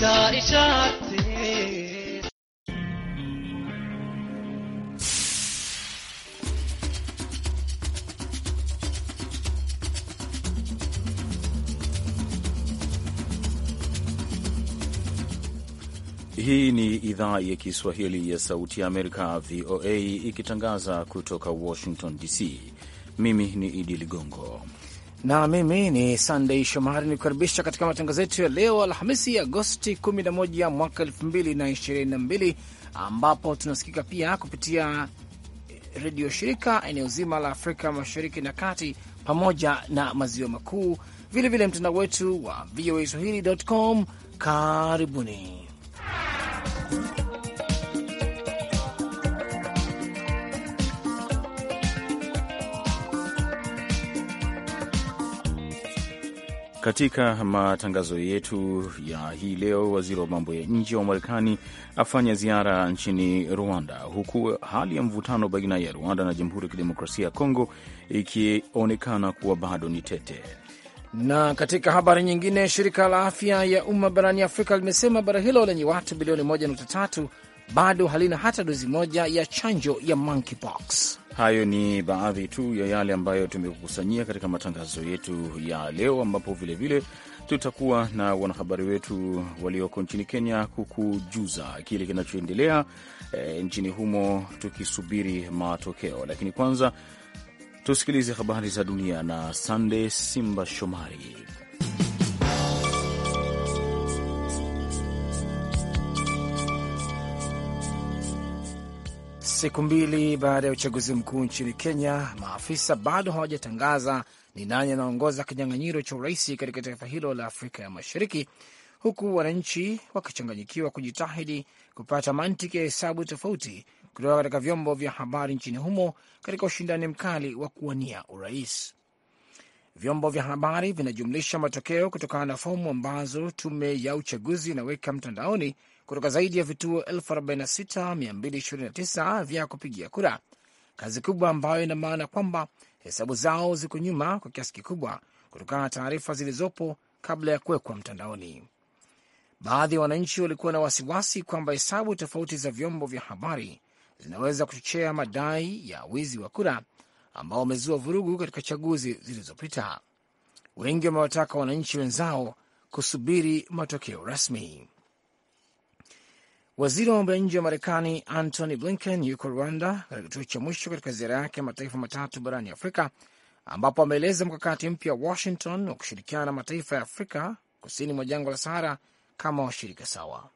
Hii ni idhaa ya Kiswahili ya Sauti ya Amerika, VOA, ikitangaza kutoka Washington DC. Mimi ni Idi Ligongo na mimi ni sandey Shomari ni kukaribisha katika matangazo yetu ya leo Alhamisi, Agosti 11 mwaka 2022, ambapo tunasikika pia kupitia redio shirika eneo zima la Afrika Mashariki na Kati pamoja na maziwa makuu, vilevile mtandao wetu wa VOA Swahili.com. Karibuni Katika matangazo yetu ya hii leo, waziri wa mambo ya nje wa Marekani afanya ziara nchini Rwanda, huku hali ya mvutano baina ya Rwanda na Jamhuri ya Kidemokrasia ya Kongo ikionekana kuwa bado ni tete. Na katika habari nyingine, shirika la afya ya umma barani Afrika limesema bara hilo lenye watu bilioni 1.3 bado halina hata dozi moja ya chanjo ya monkeypox. Hayo ni baadhi tu ya yale ambayo tumekusanyia katika matangazo yetu ya leo, ambapo vilevile tutakuwa na wanahabari wetu walioko nchini Kenya kukujuza kile kinachoendelea e, nchini humo tukisubiri matokeo. Lakini kwanza tusikilize habari za dunia na Sande Simba Shomari. Siku mbili baada ya uchaguzi mkuu nchini Kenya, maafisa bado hawajatangaza ni nani anaongoza kinyang'anyiro cha urais katika taifa hilo la Afrika ya Mashariki, huku wananchi wakichanganyikiwa kujitahidi kupata mantiki ya hesabu tofauti kutoka katika vyombo vya habari nchini humo katika ushindani mkali wa kuwania urais. Vyombo vya habari vinajumlisha matokeo kutokana na fomu ambazo tume ya uchaguzi inaweka mtandaoni kutoka zaidi ya vituo 46229 vya kupigia kura, kazi kubwa ambayo ina maana kwamba hesabu zao ziko nyuma kwa kiasi kikubwa kutokana na taarifa zilizopo kabla ya kuwekwa mtandaoni. Baadhi ya wananchi walikuwa na wasiwasi kwamba hesabu tofauti za vyombo vya habari zinaweza kuchochea madai ya wizi wa kura ambao wamezua vurugu katika chaguzi zilizopita. Wengi wamewataka wananchi wenzao kusubiri matokeo rasmi. Waziri wa mambo ya nje wa Marekani Antony Blinken yuko Rwanda katika kituo cha mwisho katika ziara yake ya mataifa matatu barani Afrika, ambapo ameeleza mkakati mpya wa Washington wa kushirikiana na mataifa ya Afrika kusini mwa jangwa la Sahara kama washirika sawa.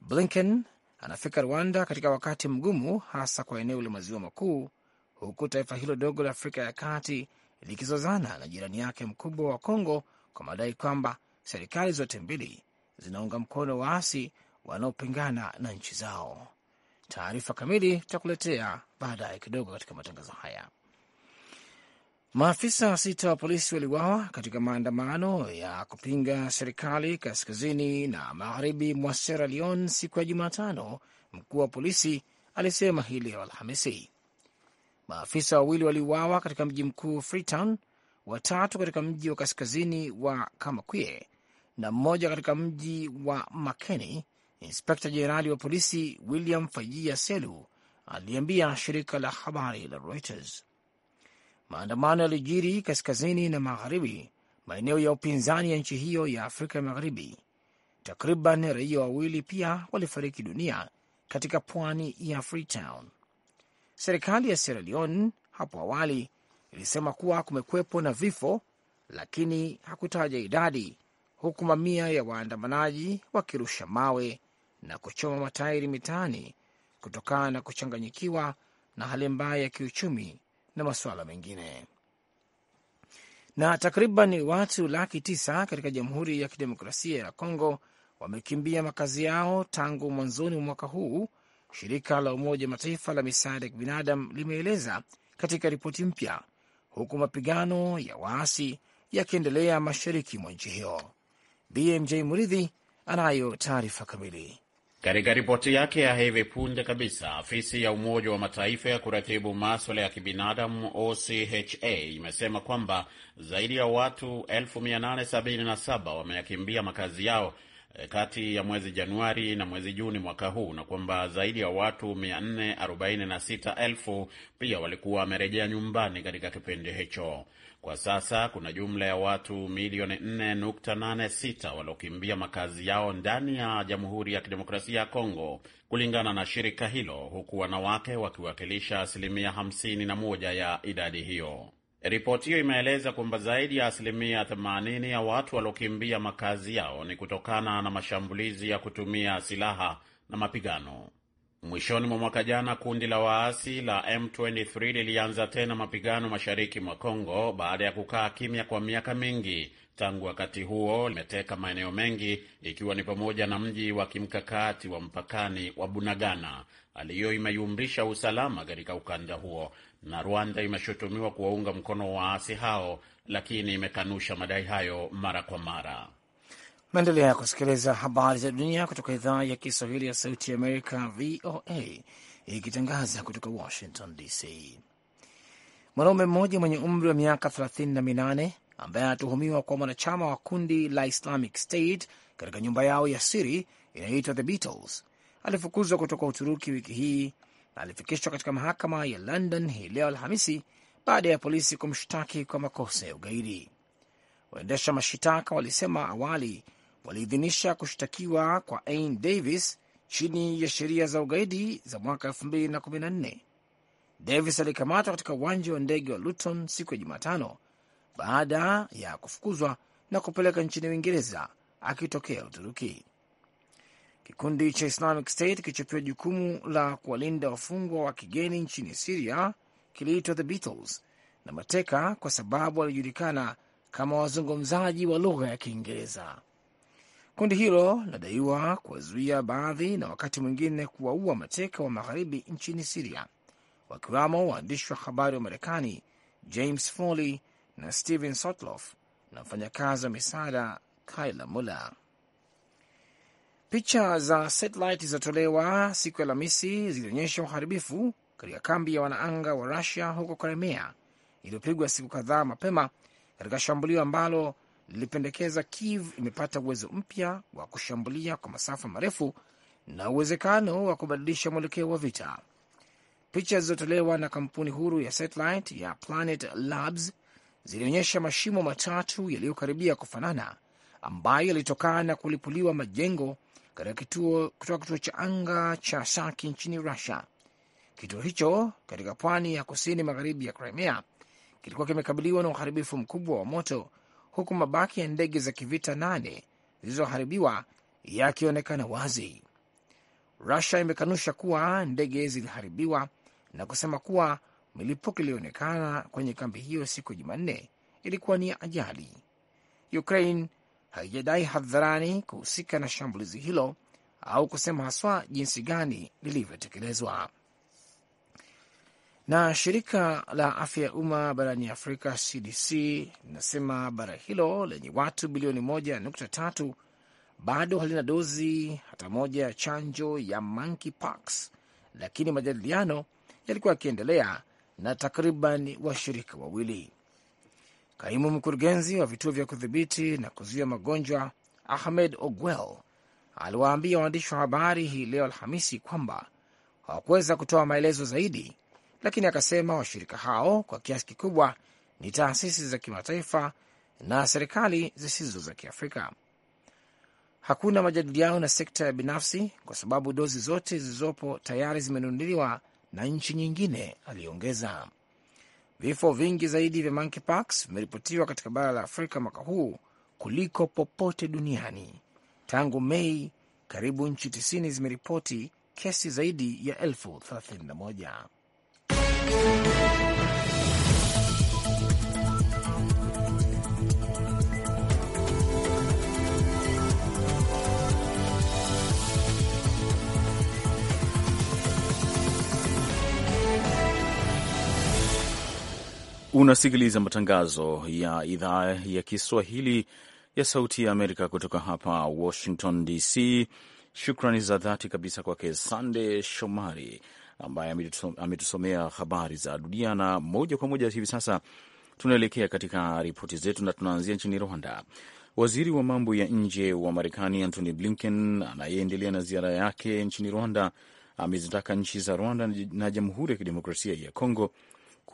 Blinken anafika Rwanda katika wakati mgumu, hasa kwa eneo la maziwa makuu, huku taifa hilo dogo la Afrika ya kati likizozana na jirani yake mkubwa wa Kongo kwa madai kwamba serikali zote mbili zinaunga mkono waasi wanaopingana na nchi zao. Taarifa kamili tutakuletea baadaye kidogo katika matangazo haya. Maafisa sita wa polisi waliuawa katika maandamano ya kupinga serikali kaskazini na magharibi mwa Sierra Leone siku ya Jumatano, mkuu wa polisi alisema hii leo Alhamisi. Maafisa wawili waliuawa katika mji mkuu Freetown, watatu katika mji wa kaskazini wa Kamakwie na mmoja katika mji wa Makeni, Inspekta Jenerali wa polisi William Fayia Selu aliambia shirika la habari la Reuters maandamano yalijiri kaskazini na magharibi, maeneo ya upinzani ya nchi hiyo ya Afrika Magharibi. Takriban raia wawili pia walifariki dunia katika pwani ya Freetown. Serikali ya Sierra Leone hapo awali ilisema kuwa kumekwepo na vifo, lakini hakutaja idadi, huku mamia ya waandamanaji wakirusha mawe na kuchoma matairi mitaani kutokana na kuchanganyikiwa na hali mbaya ya kiuchumi na masuala mengine. Na takriban watu laki tisa katika Jamhuri ya Kidemokrasia ya Kongo wamekimbia makazi yao tangu mwanzoni mwa mwaka huu, shirika la Umoja Mataifa la misaada ya kibinadamu limeeleza katika ripoti mpya, huku mapigano ya waasi yakiendelea mashariki mwa nchi hiyo. BMJ Muridhi anayo taarifa kamili. Katika ripoti yake ya hivi punde kabisa, afisi ya Umoja wa Mataifa ya kuratibu maswala ya kibinadamu OCHA imesema kwamba zaidi ya watu 877 wameyakimbia makazi yao Eh, kati ya mwezi Januari na mwezi Juni mwaka huu na kwamba zaidi ya watu 446,000 pia walikuwa wamerejea nyumbani katika kipindi hicho. Kwa sasa kuna jumla ya watu milioni 4.86 waliokimbia makazi yao ndani ya Jamhuri ya Kidemokrasia ya Kongo kulingana na shirika hilo, huku wanawake wakiwakilisha asilimia 51 ya idadi hiyo. Ripoti hiyo imeeleza kwamba zaidi ya asilimia 80 ya watu waliokimbia makazi yao ni kutokana na mashambulizi ya kutumia silaha na mapigano. Mwishoni mwa mwaka jana, kundi la waasi la M23 lilianza tena mapigano mashariki mwa congo baada ya kukaa kimya kwa miaka mingi. Tangu wakati huo limeteka maeneo mengi ikiwa ni pamoja na mji wa kimkakati wa mpakani wa Bunagana aliyo imeyumbisha usalama katika ukanda huo, na Rwanda imeshutumiwa kuwaunga mkono waasi hao, lakini imekanusha madai hayo mara kwa mara. Naendelea kusikiliza habari za dunia kutoka idhaa ya Kiswahili ya Sauti ya Amerika, VOA, ikitangaza kutoka Washington DC. Mwanaume mmoja mwenye umri wa miaka 38 ambaye anatuhumiwa kwa mwanachama wa kundi la Islamic State katika nyumba yao ya siri inayoitwa The Beatles alifukuzwa kutoka Uturuki wiki hii na alifikishwa katika mahakama ya London hii leo Alhamisi baada ya polisi kumshtaki kwa makosa ya ugaidi. Waendesha mashitaka walisema awali waliidhinisha kushtakiwa kwa Ain Davis chini ya sheria za ugaidi za mwaka 2014. Davis alikamatwa katika uwanja wa ndege wa Luton siku ya Jumatano baada ya kufukuzwa na kupeleka nchini Uingereza akitokea Uturuki. Kikundi cha Islamic State kilichopewa jukumu la kuwalinda wafungwa wa kigeni nchini Siria kiliitwa The Beatles na mateka kwa sababu walijulikana kama wazungumzaji wa lugha ya Kiingereza. Kundi hilo linadaiwa kuwazuia baadhi na wakati mwingine kuwaua mateka wa magharibi nchini Siria, wakiwamo waandishi wa habari wa Marekani James Foley na Steven Sotloff na mfanyakazi wa misaada Kaila Muller. Picha za satelit zilizotolewa siku ya Alhamisi zilionyesha uharibifu katika kambi ya wanaanga wa Rusia huko Crimea iliyopigwa siku kadhaa mapema katika shambulio ambalo lilipendekeza Kiev imepata uwezo mpya wa kushambulia kwa masafa marefu na uwezekano wa kubadilisha mwelekeo wa vita. Picha zilizotolewa na kampuni huru ya satelit ya Planet Labs zilionyesha mashimo matatu yaliyokaribia kufanana ambayo yalitokana na kulipuliwa majengo katika kituo, kutoka kituo cha anga cha Saki nchini Russia. Kituo hicho katika pwani ya kusini magharibi ya Crimea kilikuwa kimekabiliwa na uharibifu mkubwa wa moto, huku mabaki ya ndege za kivita nane zilizoharibiwa yakionekana wazi. Rusia imekanusha kuwa ndege ziliharibiwa na kusema kuwa Milipuko iliyoonekana kwenye kambi hiyo siku ya Jumanne ilikuwa ni ajali. Ukraine haijadai hadharani kuhusika na shambulizi hilo au kusema haswa jinsi gani lilivyotekelezwa. Na shirika la afya ya umma barani Afrika CDC linasema bara hilo lenye watu bilioni moja nukta tatu bado halina dozi hata moja ya chanjo ya monkeypox, lakini majadiliano yalikuwa yakiendelea na takriban washirika wawili. Kaimu mkurugenzi wa vituo vya kudhibiti na kuzuia magonjwa Ahmed Ogwell aliwaambia waandishi wa habari hii leo Alhamisi kwamba hawakuweza kutoa maelezo zaidi, lakini akasema washirika hao kwa kiasi kikubwa ni taasisi za kimataifa na serikali zisizo za Kiafrika. Hakuna majadiliano na sekta ya binafsi kwa sababu dozi zote zilizopo tayari zimenunuliwa na nchi nyingine, aliongeza. Vifo vingi zaidi vya monkeypox vimeripotiwa katika bara la Afrika mwaka huu kuliko popote duniani. Tangu Mei, karibu nchi 90 zimeripoti kesi zaidi ya elfu 31. Unasikiliza matangazo ya idhaa ya Kiswahili ya Sauti ya Amerika kutoka hapa Washington DC. Shukrani za dhati kabisa kwake Sande Shomari ambaye ametusomea habari za dunia, na moja kwa moja hivi sasa tunaelekea katika ripoti zetu na tunaanzia nchini Rwanda. Waziri wa mambo ya nje wa Marekani Antony Blinken anayeendelea na ziara yake nchini Rwanda amezitaka nchi za Rwanda na Jamhuri ya Kidemokrasia ya Kongo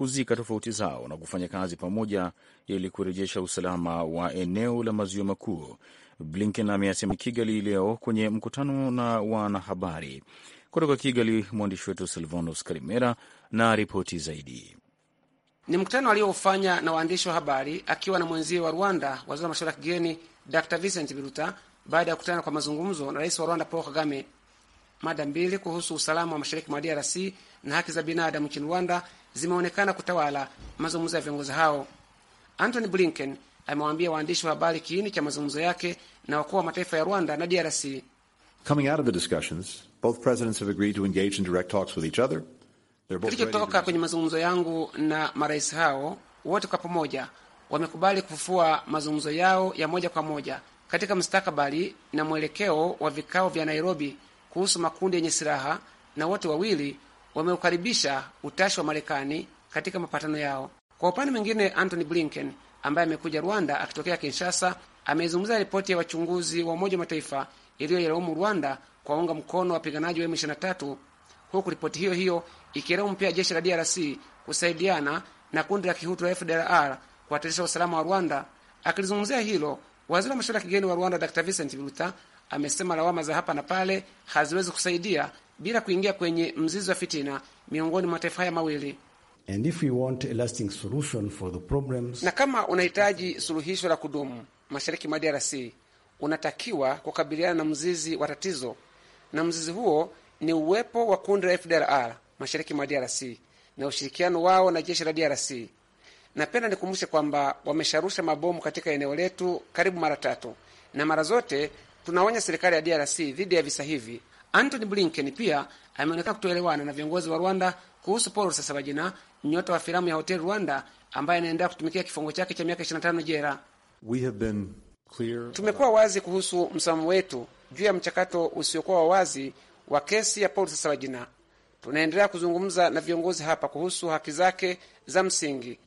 kuzika tofauti zao na kufanya kazi pamoja ili kurejesha usalama wa eneo la maziwa makuu, Blinken ameasema Kigali leo kwenye mkutano na wanahabari. Kutoka Kigali, mwandishi wetu Silvanos Karimera na ripoti zaidi. Ni mkutano aliyoufanya na waandishi wa habari akiwa na mwenzie wa Rwanda, waziri wa mashauri ya kigeni Dr Vincent Biruta, baada ya kukutana kwa mazungumzo na rais wa Rwanda Paul Kagame. Mada mbili kuhusu usalama wa mashariki mwa DRC na haki za binadamu nchini Rwanda zimeonekana kutawala mazungumzo ya viongozi hao. Antony Blinken amewaambia waandishi wa habari kiini cha mazungumzo yake na wakuu wa mataifa ya Rwanda na DRC. Kilichotoka kwenye mazungumzo yangu na marais hao wote kwa pamoja wamekubali kufufua mazungumzo yao ya moja kwa moja katika mustakabali na mwelekeo wa vikao vya Nairobi kuhusu makundi yenye silaha, na wote wawili wameukaribisha utashi wa Marekani katika mapatano yao. Kwa upande mwingine, Antony Blinken ambaye amekuja Rwanda akitokea Kinshasa ameizungumza ripoti ya wachunguzi wa Umoja wa Mataifa iliyoilaumu Rwanda kwa unga mkono wapiganaji wa M23, huku ripoti hiyo hiyo ikilaumu pia jeshi la DRC kusaidiana na kundi la kihutu la FDLR kuhatarisha usalama wa Rwanda. Akilizungumzia hilo, waziri wa mashauri ya kigeni wa Rwanda Dr Vincent Biruta amesema lawama za hapa na pale haziwezi kusaidia bila kuingia kwenye mzizi wa fitina miongoni mwa mataifa haya mawili. And if we want a lasting solution for the problems... na kama unahitaji suluhisho la kudumu mashariki mwa DRC, unatakiwa kukabiliana na mzizi wa tatizo, na mzizi huo ni uwepo wa kundi la FDLR mashariki mwa DRC na ushirikiano wao na jeshi la DRC. Napenda nikumbushe kwamba wamesharusha mabomu katika eneo letu karibu mara tatu, na mara zote tunaonya serikali ya DRC dhidi ya visa hivi. Antony Blinken pia ameonekana kutoelewana na viongozi wa Rwanda kuhusu Paul Rusesabagina, nyota wa filamu ya Hotel Rwanda ambaye anaendelea kutumikia kifungo chake cha miaka 25 jela. Tumekuwa wazi kuhusu msimamo wetu juu ya mchakato usiokuwa wa wazi wa kesi ya Paul Rusesabagina. Tunaendelea kuzungumza na viongozi hapa kuhusu haki zake za msingi.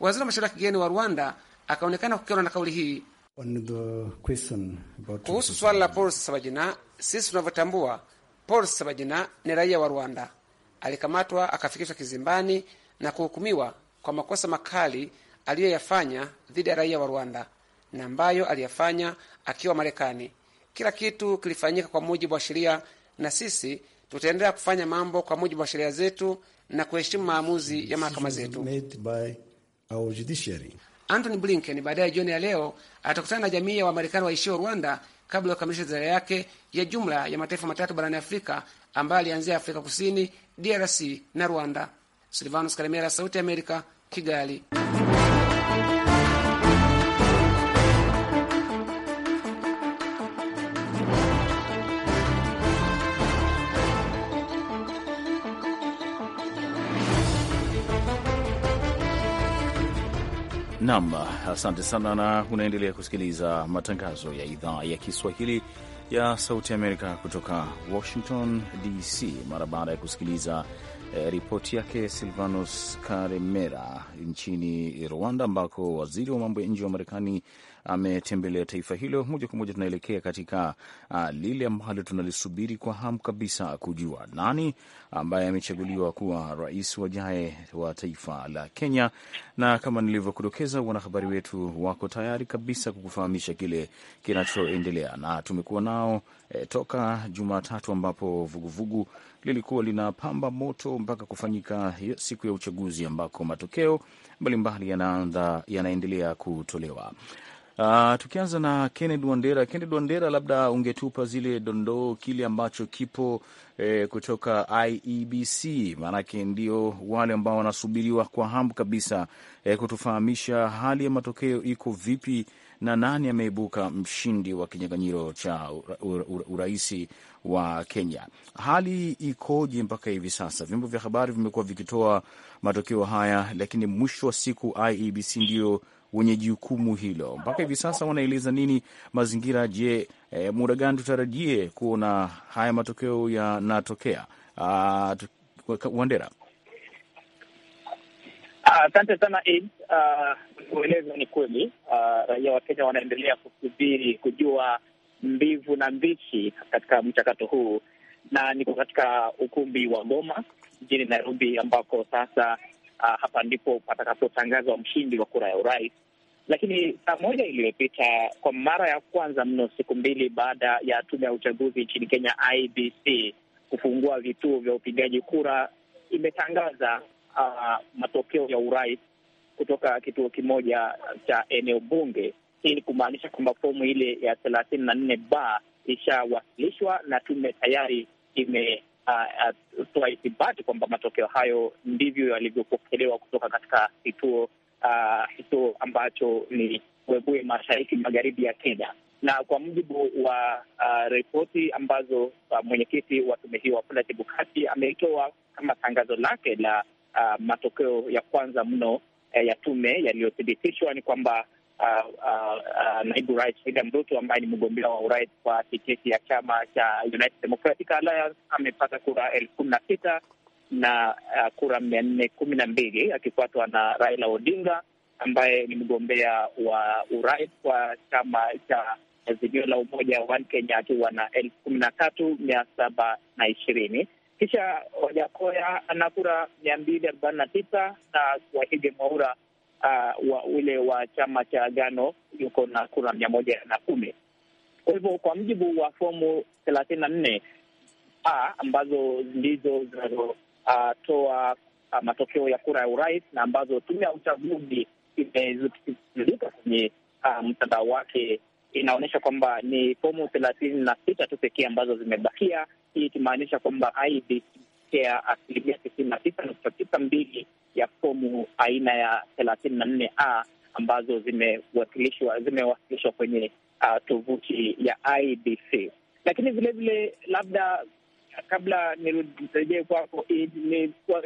Waziri wa mashauri ya kigeni wa Rwanda akaonekana kukerwa na kauli hii kuhusu swala la Paul Sabajina, sisi tunavyotambua, Paul Sabajina ni raia wa Rwanda. Alikamatwa akafikishwa kizimbani na kuhukumiwa kwa makosa makali aliyoyafanya dhidi ya raia wa Rwanda na ambayo aliyafanya akiwa Marekani. Kila kitu kilifanyika kwa mujibu wa sheria, na sisi tutaendelea kufanya mambo kwa mujibu wa sheria zetu na kuheshimu maamuzi ya mahakama zetu. Antony Blinken baadaye jioni ya leo atakutana na jamii ya Wamarekani waishio Rwanda kabla ya kukamilisha ziara yake ya jumla ya mataifa matatu barani Afrika ambayo alianzia Afrika Kusini, DRC na Rwanda. Silvanus Karimera, Sauti ya Amerika, Kigali. Nam, asante sana, na unaendelea kusikiliza matangazo ya idhaa ya Kiswahili ya Sauti Amerika kutoka Washington DC. Mara baada ya kusikiliza eh, ripoti yake Silvanus Karemera nchini Rwanda, ambako waziri wa mambo ya nje wa Marekani ametembelea taifa hilo. Moja kwa moja tunaelekea katika uh, lile ambalo tunalisubiri kwa hamu kabisa kujua nani ambaye amechaguliwa kuwa rais wajae wa taifa la Kenya, na kama nilivyokudokeza, wanahabari wetu wako tayari kabisa kukufahamisha kile kinachoendelea, na tumekuwa nao e, toka Jumatatu ambapo vuguvugu vugu lilikuwa linapamba moto mpaka kufanyika siku ya uchaguzi ambako matokeo mbalimbali yanaendelea kutolewa. Uh, tukianza na Kennedy Wandera. Kennedy Wandera, labda ungetupa zile dondoo, kile ambacho kipo eh, kutoka IEBC, maanake ndio wale ambao wanasubiriwa kwa hamu kabisa eh, kutufahamisha hali ya matokeo iko vipi na nani ameibuka mshindi wa kinyang'anyiro cha uraisi wa Kenya. Hali ikoje mpaka hivi sasa? Vyombo vya habari vimekuwa vikitoa matokeo haya, lakini mwisho wa siku IEBC ndiyo wenye jukumu hilo. Mpaka hivi sasa wanaeleza nini mazingira? Je, e, muda gani tutarajie kuona haya matokeo yanatokea? Ah, Wandera, ah, asante sana. Ah, kueleza ni kweli, raia wa Kenya wanaendelea kusubiri kujua mbivu na mbichi katika mchakato huu, na niko katika ukumbi wa Goma jijini Nairobi, ambako sasa uh, hapa ndipo patakapotangazwa mshindi wa kura ya urais lakini saa moja iliyopita kwa mara ya kwanza mno, siku mbili baada ya tume ya uchaguzi nchini Kenya IBC kufungua vituo vya upigaji kura, imetangaza uh, matokeo ya urais kutoka kituo kimoja cha eneo bunge. Hii ni kumaanisha kwamba fomu ile ya thelathini na nne ba ishawasilishwa na tume tayari imetoa uh, uh, ithibati kwamba matokeo hayo ndivyo yalivyopokelewa kutoka katika kituo uh, ambacho ni Webuye mashariki magharibi ya Kenya, na kwa mujibu wa uh, ripoti ambazo uh, mwenyekiti wa tume hiyo Wafula Chebukati ameitoa kama tangazo lake la uh, matokeo ya kwanza mno uh, ya tume yaliyothibitishwa ni kwamba Uh, uh, uh, naibu rais William Ruto ambaye ni mgombea wa urais kwa tiketi ya chama cha United Democratic Alliance amepata kura elfu kumi na sita na uh, kura mia nne kumi na mbili akifuatwa na Raila Odinga ambaye ni mgombea wa urais kwa chama cha Azimio la Umoja wa Kenya akiwa na elfu kumi na tatu mia saba na ishirini. Kisha Wajakoya ana kura mia mbili arobaini na tisa na Wahige Mwaura uh, wa ule wa chama cha Agano yuko na kura mia moja na kumi. Kwa hivyo kwa mujibu wa fomu thelathini na nne a ambazo ndizo zinazo uh, matokeo ya kura ya urais na ambazo tume ya uchaguzi imezuka kwenye ah, mtandao wake inaonyesha kwamba ni fomu thelathini na sita tu pekee ambazo zimebakia, hii ikimaanisha kwamba IEBC asilimia tisini na tisa nukta tisa mbili ya fomu aina ya thelathini na nne a ambazo zimewasilishwa zimewasilishwa kwenye uh, tovuti ya IEBC. Lakini vilevile labda kabla nirejee kwako,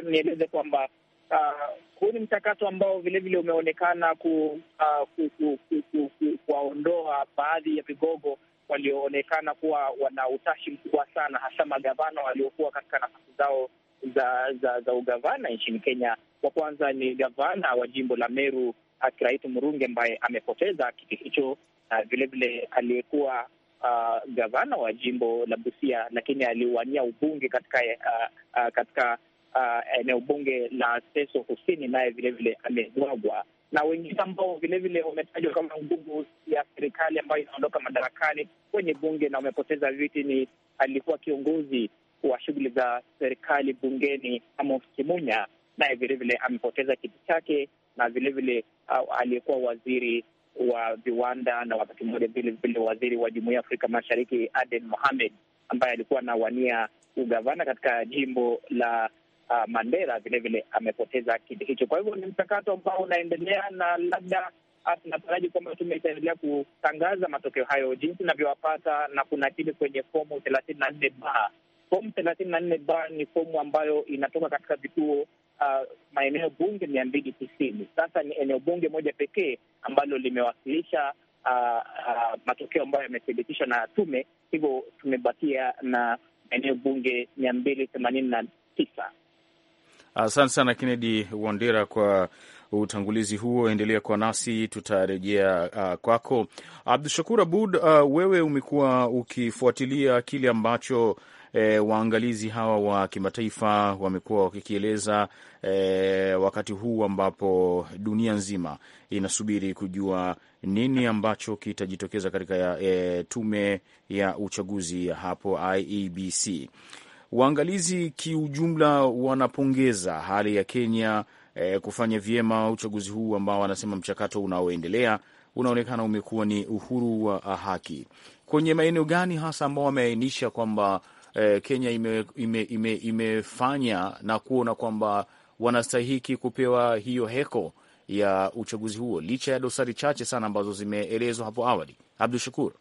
nieleze kwamba ah, huu ni mchakato ambao vilevile umeonekana ah, kuwaondoa baadhi ya vigogo walioonekana kuwa wana utashi mkubwa sana, hasa magavana waliokuwa katika nafasi zao za za, za ugavana nchini Kenya. Wa kwanza ni gavana wa jimbo la Meru Kiraitu Murungi ambaye amepoteza kiti hicho, na vilevile aliyekuwa uh, gavana wa jimbo la Busia, lakini aliwania ubunge katika uh, uh, katika uh, eneo bunge la Seso Kusini, naye vilevile amebwagwa na wengine ambao vilevile wametajwa kama nguvu ya serikali ambayo inaondoka madarakani kwenye bunge na wamepoteza viti ni alikuwa kiongozi wa shughuli za serikali bungeni Amos Kimunya, naye vilevile amepoteza kiti chake, na vilevile uh, aliyekuwa waziri wa viwanda na wakati mmoja vile vile waziri wa jumuiya ya Afrika Mashariki Aden Mohamed ambaye alikuwa anawania ugavana katika jimbo la uh, Mandera vilevile amepoteza kiti hicho. Kwa hivyo ni mchakato ambao unaendelea na labda uh, tunataraji kwamba tume itaendelea kutangaza matokeo hayo jinsi inavyowapata na kunakili kwenye fomu thelathini na nne ba. Fomu thelathini na nne ba ni fomu ambayo inatoka katika vituo uh, maeneo bunge mia mbili tisini. Sasa ni eneo bunge moja pekee ambalo limewasilisha uh, uh, matokeo ambayo yamethibitishwa na tume, hivyo tumebakia na maeneo bunge mia mbili themanini na tisa. Asante sana Kennedy Wandera kwa utangulizi huo. Endelea kuwa nasi, tutarejea uh, kwako Abdu Shakur Abud. Uh, wewe umekuwa ukifuatilia kile ambacho e, waangalizi hawa wa kimataifa wamekuwa wakikieleza e, wakati huu ambapo dunia nzima inasubiri kujua nini ambacho kitajitokeza katika e, tume ya uchaguzi hapo IEBC. Waangalizi kiujumla wanapongeza hali ya Kenya e, kufanya vyema uchaguzi huu ambao wanasema mchakato unaoendelea unaonekana umekuwa ni uhuru wa haki. Kwenye maeneo gani hasa ambao wameainisha kwamba eh, Kenya ime, ime, ime, imefanya na kuona kwamba wanastahiki kupewa hiyo heko ya uchaguzi huo licha ya dosari chache sana ambazo zimeelezwa hapo awali. Abdu Shakur.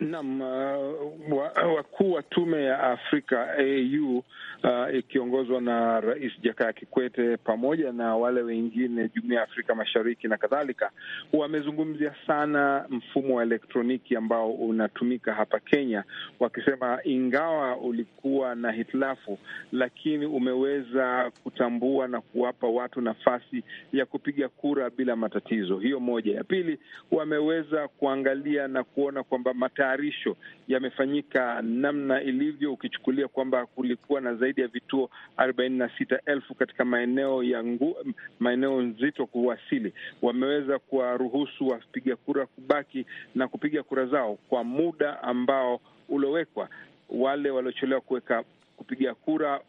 Naam, uh, wakuu wa tume ya Afrika au Uh, ikiongozwa na Rais Jakaya Kikwete pamoja na wale wengine, Jumuiya ya Afrika Mashariki na kadhalika, wamezungumzia sana mfumo wa elektroniki ambao unatumika hapa Kenya, wakisema ingawa ulikuwa na hitilafu, lakini umeweza kutambua na kuwapa watu nafasi ya kupiga kura bila matatizo. Hiyo moja. Ya pili, wameweza kuangalia na kuona kwamba matayarisho yamefanyika namna ilivyo, ukichukulia kwamba kulikuwa na zaidi zaidi ya vituo arobaini na sita elfu katika maeneo ya ngu, maeneo nzito kuwasili. Wameweza kuwaruhusu wapiga kura kubaki na kupiga kura zao kwa muda ambao uliowekwa. Wale waliochelewa kuweka kupiga kura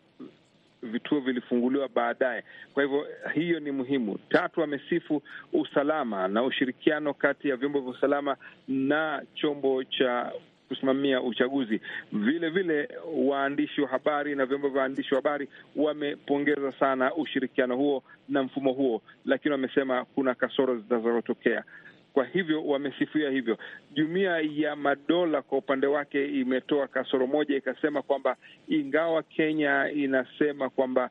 vituo vilifunguliwa baadaye. Kwa hivyo hiyo ni muhimu. Tatu, amesifu usalama na ushirikiano kati ya vyombo vya usalama na chombo cha kusimamia uchaguzi. Vile vile waandishi wa habari na vyombo vya waandishi wa habari wamepongeza sana ushirikiano huo na mfumo huo, lakini wamesema kuna kasoro zitazotokea. Kwa hivyo wamesifia hivyo. Jumuiya ya Madola kwa upande wake imetoa kasoro moja, ikasema kwamba ingawa Kenya inasema kwamba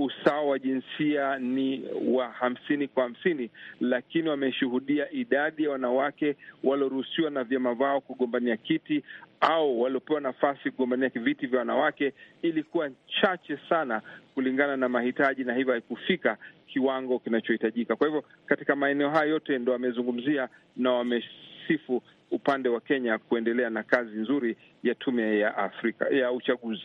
usawa wa jinsia ni wa hamsini kwa hamsini, lakini wameshuhudia idadi ya wanawake walioruhusiwa na vyama vao kugombania kiti au waliopewa nafasi kugombania viti vya wanawake ilikuwa chache sana kulingana na mahitaji, na hivyo haikufika kiwango kinachohitajika. Kwa hivyo katika maeneo hayo yote ndo wamezungumzia na wamesifu upande wa Kenya kuendelea na kazi nzuri ya tume ya Afrika ya uchaguzi.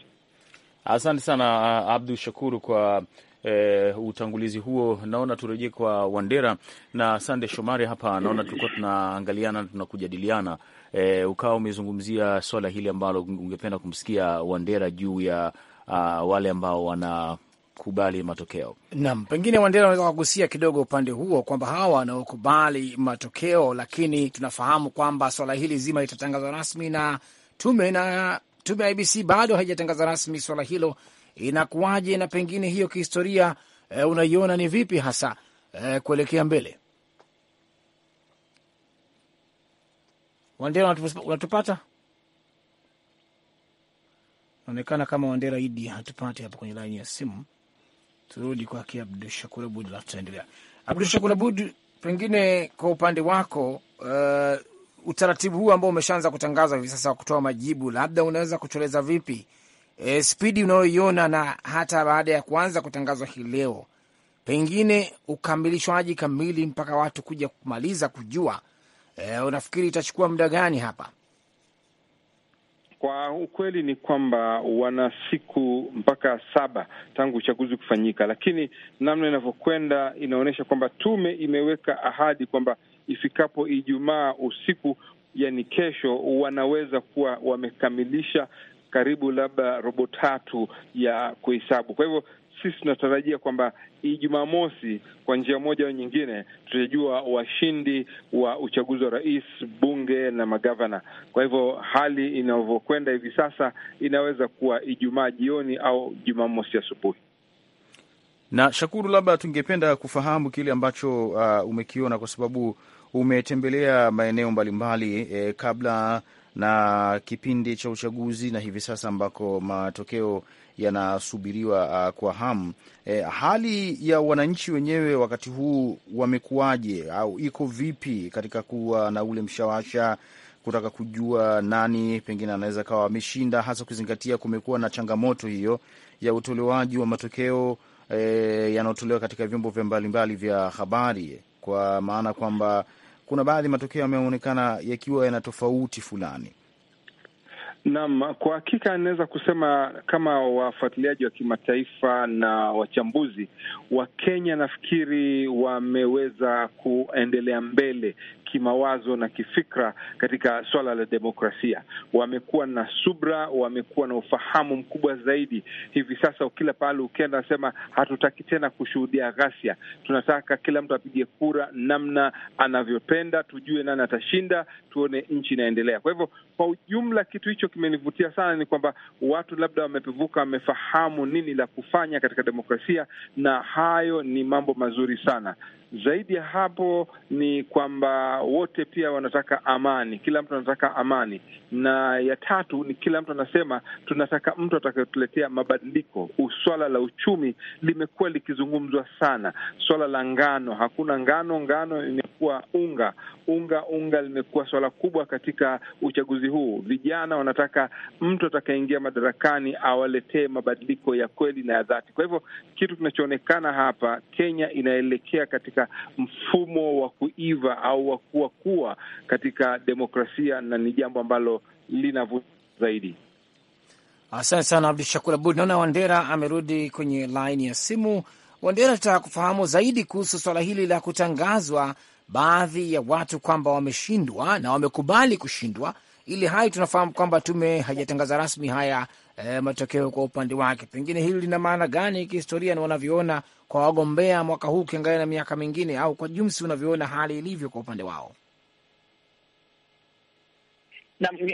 Asante sana Abdu Shakuru kwa E, utangulizi huo. Naona turejee kwa Wandera na Sande Shomari hapa. Naona tulikuwa tunaangaliana tunakujadiliana, e, ukawa umezungumzia swala hili ambalo ungependa kumsikia Wandera juu ya a, wale ambao wanakubali matokeo. Naam, pengine Wandera unaweza kugusia kidogo upande huo kwamba hawa wanaokubali matokeo, lakini tunafahamu kwamba swala hili zima litatangazwa rasmi na tume na tume ya IBC bado haijatangaza rasmi swala hilo inakuwaje, na pengine hiyo kihistoria e, unaiona ni vipi hasa e, kuelekea mbele? Wandera, unatupata? Naonekana kama Wandera Idi hatupati hapa kwenye laini ya simu. Turudi kwake Abdu Shakur Abud alafu tutaendelea. Abdu Shakur Abud, pengine kwa upande wako uh, utaratibu huu ambao umeshaanza kutangazwa hivi sasa wa kutoa majibu, labda unaweza kutueleza vipi e, spidi unayoiona na hata baada ya kuanza kutangazwa hii leo, pengine ukamilishwaji kamili mpaka watu kuja kumaliza kujua, e, unafikiri itachukua muda gani hapa? Kwa ukweli ni kwamba wana siku mpaka saba tangu uchaguzi kufanyika, lakini namna inavyokwenda inaonyesha kwamba tume imeweka ahadi kwamba ifikapo Ijumaa usiku, yani kesho, wanaweza kuwa wamekamilisha karibu labda robo tatu ya kuhesabu. Kwa hivyo sisi tunatarajia kwamba ijumaa mosi kwa njia moja au nyingine, tutajua washindi wa uchaguzi wa rais, bunge na magavana. Kwa hivyo hali inavyokwenda hivi sasa inaweza kuwa Ijumaa jioni au Jumamosi asubuhi. Na Shakuru, labda tungependa kufahamu kile ambacho uh, umekiona kwa sababu umetembelea maeneo mbalimbali eh, kabla na kipindi cha uchaguzi na hivi sasa ambako matokeo yanasubiriwa uh, kwa hamu eh, hali ya wananchi wenyewe wakati huu wamekuwaje au iko vipi katika kuwa na ule mshawasha kutaka kujua nani pengine anaweza kawa ameshinda, hasa ukizingatia kumekuwa na changamoto hiyo ya utolewaji wa matokeo e, yanayotolewa katika vyombo vya mbalimbali vya habari, kwa maana kwamba kuna baadhi ya matokeo yameonekana yakiwa yana tofauti fulani. Naam, kwa hakika naweza kusema kama wafuatiliaji wa kimataifa na wachambuzi wa Kenya, nafikiri wameweza kuendelea mbele kimawazo na kifikra katika swala la demokrasia. Wamekuwa na subra, wamekuwa na ufahamu mkubwa zaidi. Hivi sasa kila pahali ukienda, nasema hatutaki tena kushuhudia ghasia, tunataka kila mtu apige kura namna anavyopenda, tujue nani atashinda, tuone nchi inaendelea. Kwa hivyo, kwa ujumla, kitu hicho kimenivutia sana, ni kwamba watu labda wamepevuka, wamefahamu nini la kufanya katika demokrasia, na hayo ni mambo mazuri sana. Zaidi ya hapo ni kwamba wote pia wanataka amani, kila mtu anataka amani, na ya tatu ni kila mtu anasema tunataka mtu atakayetuletea mabadiliko. Swala la uchumi limekuwa likizungumzwa sana, swala la ngano, hakuna ngano, ngano imekuwa unga, unga, unga limekuwa swala kubwa katika uchaguzi huu. Vijana wanataka mtu atakayeingia madarakani awaletee mabadiliko ya kweli na ya dhati. Kwa hivyo kitu kinachoonekana hapa, Kenya inaelekea katika katika mfumo wa kuiva au wa kuwa katika demokrasia, na ni jambo ambalo linavuta zaidi. Asante sana Abdu Shakur Abud. Naona Wandera amerudi kwenye laini ya simu. Wandera, tutaka kufahamu zaidi kuhusu swala hili la kutangazwa baadhi ya watu kwamba wameshindwa na wamekubali kushindwa ili hai tunafahamu kwamba tume haijatangaza rasmi haya e, matokeo kwa upande wake. Pengine hili lina maana gani kihistoria na wanavyoona kwa wagombea mwaka huu ukiangalia na miaka mingine, au kwa jinsi unavyoona hali ilivyo kwa upande wao?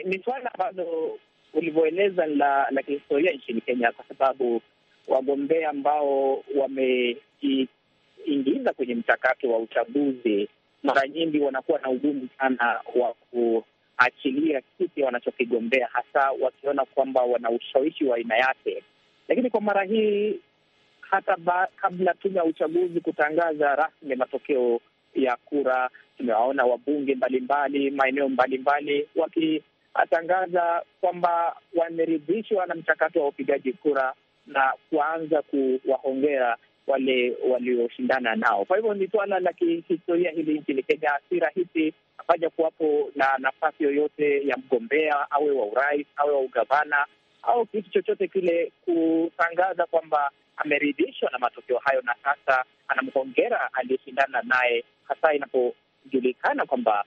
ni, swala ambalo ulivyoeleza la la kihistoria nchini Kenya kwa sababu wagombea ambao wamejiingiza kwenye mchakato wa uchaguzi mara nyingi wanakuwa na ugumu sana wa ku achilia kiti wanachokigombea, hasa wakiona kwamba wana ushawishi wa aina yake. Lakini kwa mara hii hata ba, kabla tume ya uchaguzi kutangaza rasmi matokeo ya kura, tumewaona wabunge mbalimbali maeneo mbalimbali wakitangaza kwamba wameridhishwa na mchakato wa upigaji kura na kuanza kuwahongera wale walioshindana nao. Kwa hivyo ni suala la kihistoria hili nchini Kenya, si rahisi hapaja kuwapo na nafasi yoyote ya mgombea awe wa urais awe wa ugavana au kitu chochote kile kutangaza kwamba ameridhishwa na matokeo hayo, na sasa anamhongera aliyeshindana naye, hasa inapojulikana kwamba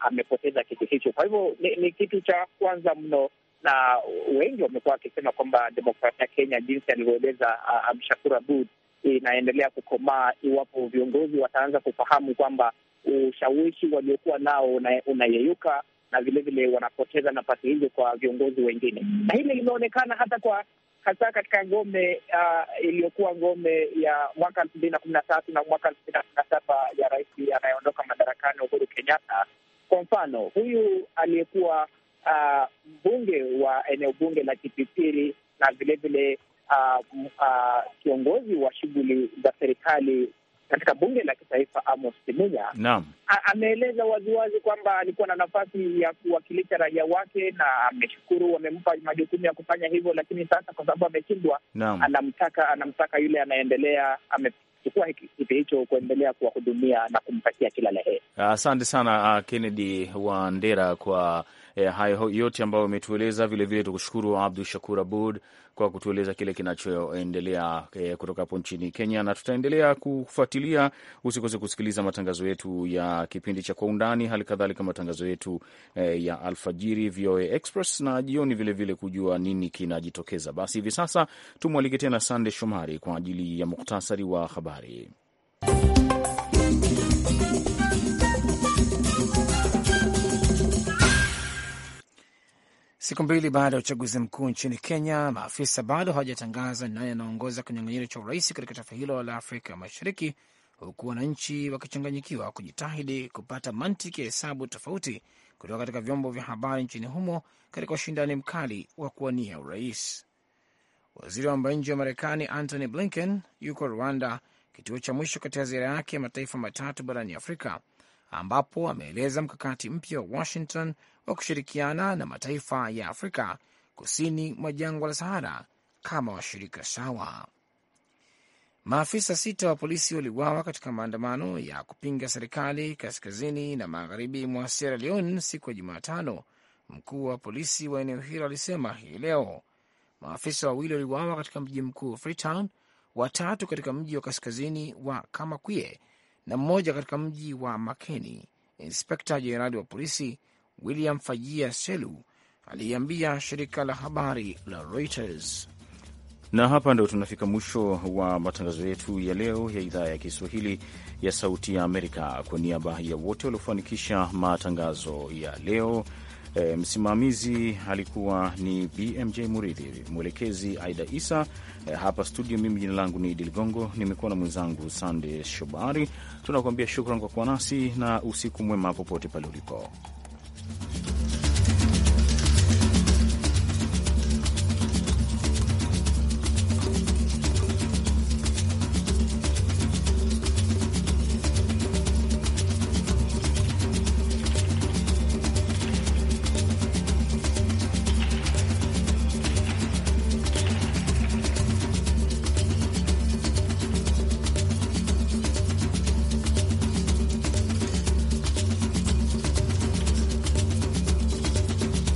amepoteza kitu hicho. Kwa hivyo ni, ni kitu cha kwanza mno, na wengi wamekuwa wakisema kwamba demokrasia Kenya, jinsi alivyoeleza Abdushakur Abud, inaendelea kukomaa iwapo viongozi wataanza kufahamu kwamba ushawishi waliokuwa nao unayeyuka na vilevile wanapoteza nafasi hizo kwa viongozi wengine, na hili limeonekana hata kwa hasa katika ngome uh, iliyokuwa ngome ya mwaka elfu mbili na kumi na tatu na mwaka elfu mbili na kumi na saba ya rais anayeondoka madarakani Uhuru Kenyatta. Kwa mfano, huyu aliyekuwa uh, mbunge wa eneo bunge la Kipipiri na vilevile uh, ah, uh, kiongozi wa shughuli za serikali katika bunge la kitaifa Amos Kimunya ameeleza waziwazi kwamba alikuwa na nafasi ya kuwakilisha raia wake na ameshukuru, wamempa majukumu ya kufanya hivyo, lakini sasa kwa sababu ameshindwa, anamtaka anamtaka yule anaendelea ame chukua kiti hicho kuendelea kuwahudumia na kumpatia kila la Asante uh, sana uh, Kennedy Wandera kwa eh, hayo yote ambayo umetueleza. Vilevile tukushukuru Abdu Shakur Abud kwa kutueleza kile kinachoendelea eh, kutoka hapo nchini Kenya, na tutaendelea kufuatilia. Usikose kusikiliza matangazo yetu ya kipindi cha Kwa Undani, hali kadhalika matangazo yetu eh, ya alfajiri VOA Express na jioni vilevile vile kujua nini kinajitokeza. Basi hivi sasa tumwalike tena Sande Shomari kwa ajili ya muktasari wa habari. Siku mbili baada ya uchaguzi mkuu nchini Kenya, maafisa bado hawajatangaza ni nani anaongoza kinyang'anyiro cha urais katika taifa hilo la Afrika Mashariki, huku wananchi wakichanganyikiwa kujitahidi kupata mantiki ya hesabu tofauti kutoka katika vyombo vya habari nchini humo katika ushindani mkali wa kuwania urais. Waziri wa mambo ya nje wa Marekani Antony Blinken yuko Rwanda, kituo cha mwisho katika ziara yake ya mataifa matatu barani Afrika ambapo ameeleza mkakati mpya wa Washington wa kushirikiana na mataifa ya Afrika kusini mwa jangwa la Sahara kama washirika sawa. Maafisa sita wa polisi waliuawa katika maandamano ya kupinga serikali kaskazini na magharibi mwa Sierra Leone siku ya Jumatano, mkuu wa polisi wa eneo hilo alisema hii leo. Maafisa wawili waliuawa katika mji mkuu Freetown, watatu katika mji wa kaskazini wa Kamakwie na mmoja katika mji wa Makeni. Inspekta jenerali wa polisi William Fajia Selu aliyeambia shirika la habari la Reuters. Na hapa ndo tunafika mwisho wa matangazo yetu ya leo ya idhaa ya Kiswahili ya Sauti ya Amerika. Kwa niaba ya wote waliofanikisha matangazo ya leo E, msimamizi alikuwa ni BMJ Muridhi, mwelekezi Aida Isa. E, hapa studio, mimi jina langu ni Idi Ligongo, nimekuwa na mwenzangu Sande Shobari. Tunakuambia shukran kwa kuwa nasi na usiku mwema popote pale ulipo.